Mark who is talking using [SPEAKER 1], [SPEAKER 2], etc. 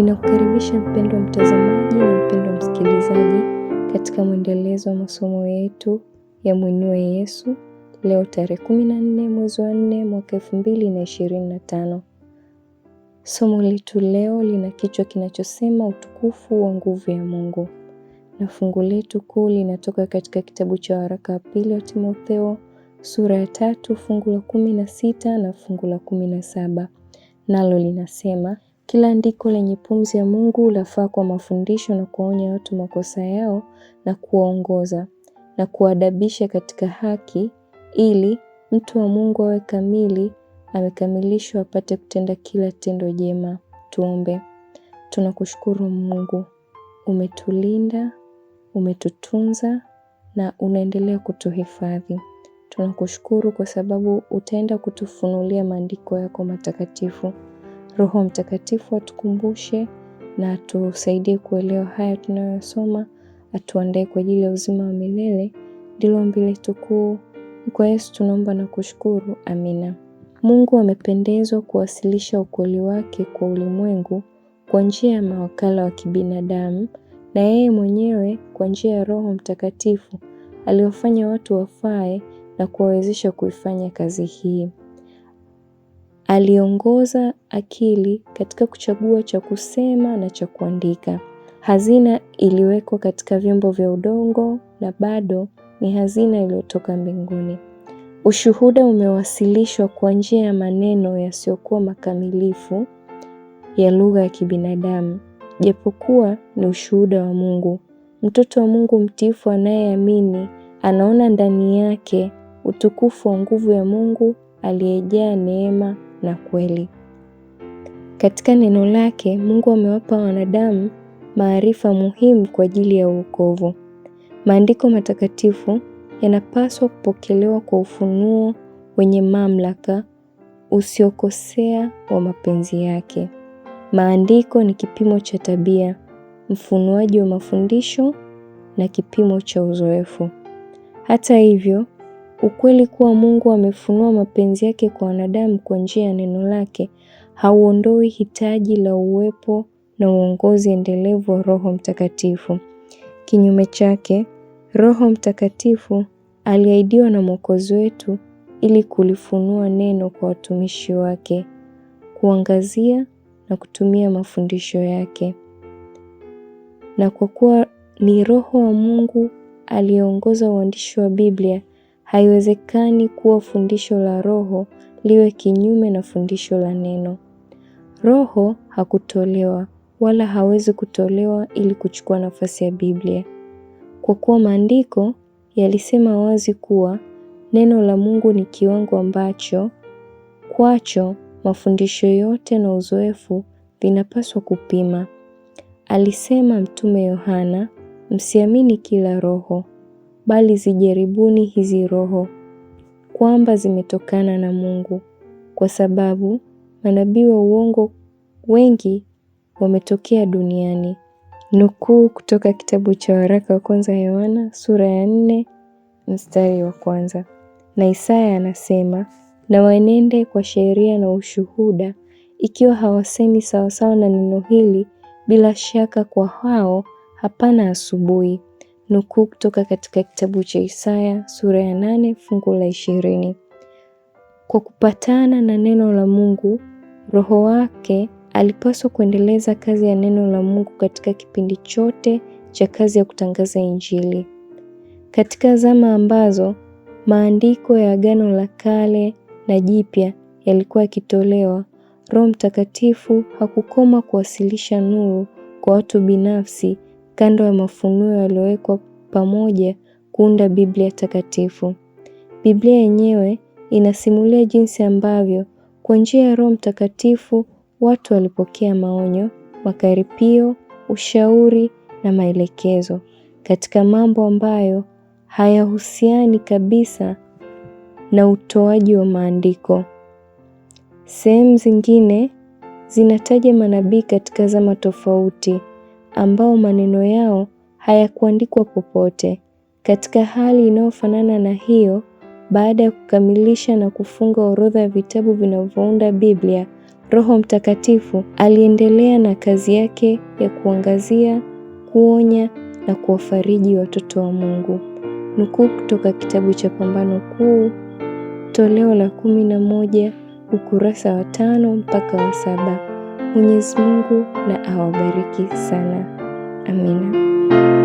[SPEAKER 1] Ninakukaribisha mpendwa mtazamaji na mpendwa msikilizaji katika mwendelezo wa masomo yetu ya Mwinue Yesu leo tarehe kumi nne mwezi wa nne mwaka na tano Somo letu leo lina kichwa kinachosema utukufu wa nguvu ya Mungu, na fungu letu kuu linatoka katika kitabu cha waraka wa pili wa Timotheo sura ya tatu fungu la kumi na sita na fungu la kumi na saba nalo linasema kila andiko lenye pumzi ya Mungu lafaa kwa mafundisho na kuwaonya watu makosa yao na kuwaongoza na kuadabisha katika haki, ili mtu wa Mungu awe kamili, amekamilishwa, apate kutenda kila tendo jema. Tuombe. Tunakushukuru Mungu, umetulinda, umetutunza na unaendelea kutuhifadhi. Tunakushukuru kwa sababu utaenda kutufunulia maandiko yako matakatifu. Roho Mtakatifu atukumbushe na atusaidie kuelewa haya tunayosoma, atuandae kwa ajili ya uzima wa milele. Ndilo ombi letu kuu. Kwa Yesu tunaomba na kushukuru, amina. Mungu amependezwa kuwasilisha ukweli wake kwa ulimwengu kwa njia ya mawakala wa kibinadamu, na yeye mwenyewe kwa njia ya Roho Mtakatifu aliwafanya watu wafae na kuwawezesha kuifanya kazi hii. Aliongoza akili katika kuchagua cha kusema na cha kuandika. Hazina iliwekwa katika vyombo vya udongo na bado ni hazina iliyotoka mbinguni. Ushuhuda umewasilishwa kwa njia ya maneno yasiyokuwa makamilifu ya lugha ya kibinadamu, japokuwa ni ushuhuda wa Mungu. Mtoto wa Mungu mtiifu anayeamini anaona ndani yake utukufu wa nguvu ya Mungu aliyejaa neema na kweli. Katika neno lake, Mungu amewapa wanadamu maarifa muhimu kwa ajili ya wokovu. Maandiko matakatifu yanapaswa kupokelewa kwa ufunuo wenye mamlaka usiokosea wa mapenzi yake. Maandiko ni kipimo cha tabia, mfunuaji wa mafundisho na kipimo cha uzoefu. Hata hivyo, Ukweli kuwa Mungu amefunua mapenzi yake kwa wanadamu kwa njia ya neno lake hauondoi hitaji la uwepo na uongozi endelevu wa Roho Mtakatifu. Kinyume chake, Roho Mtakatifu aliahidiwa na Mwokozi wetu ili kulifunua neno kwa watumishi wake, kuangazia na kutumia mafundisho yake. Na kwa kuwa ni Roho wa Mungu aliyeongoza uandishi wa Biblia, Haiwezekani kuwa fundisho la Roho liwe kinyume na fundisho la Neno. Roho hakutolewa wala hawezi kutolewa ili kuchukua nafasi ya Biblia, kwa kuwa Maandiko yalisema wazi kuwa neno la Mungu ni kiwango ambacho kwacho mafundisho yote na uzoefu vinapaswa kupima. Alisema Mtume Yohana, msiamini kila roho, bali zijaribuni hizi roho, kwamba zimetokana na Mungu, kwa sababu manabii wa uongo wengi wametokea duniani. Nukuu kutoka kitabu cha waraka wa kwanza Yohana sura ya nne mstari wa kwanza. Na Isaya anasema, na waenende kwa sheria na ushuhuda, ikiwa hawasemi sawasawa na neno hili, bila shaka kwa hao hapana asubuhi. Nukuu kutoka katika kitabu cha Isaya sura ya nane fungu la ishirini. Kwa kupatana na neno la Mungu, Roho wake alipaswa kuendeleza kazi ya neno la Mungu katika kipindi chote cha kazi ya kutangaza Injili. Katika zama ambazo maandiko ya Agano la Kale na Jipya yalikuwa yakitolewa, Roho Mtakatifu hakukoma kuwasilisha nuru kwa watu binafsi kando ya mafunuo yaliyowekwa pamoja kuunda Biblia takatifu. Biblia yenyewe inasimulia jinsi ambavyo kwa njia ya Roho Mtakatifu watu walipokea maonyo, makaripio, ushauri na maelekezo katika mambo ambayo hayahusiani kabisa na utoaji wa maandiko. Sehemu zingine zinataja manabii katika zama tofauti ambao maneno yao hayakuandikwa popote. Katika hali inayofanana na hiyo, baada ya kukamilisha na kufunga orodha ya vitabu vinavyounda Biblia, Roho Mtakatifu aliendelea na kazi yake ya kuangazia, kuonya na kuwafariji watoto wa Mungu. Nukuu kutoka kitabu cha Pambano Kuu, toleo la kumi na moja, ukurasa wa tano mpaka wa saba. Mwenyezi Mungu na awabariki sana. Amina.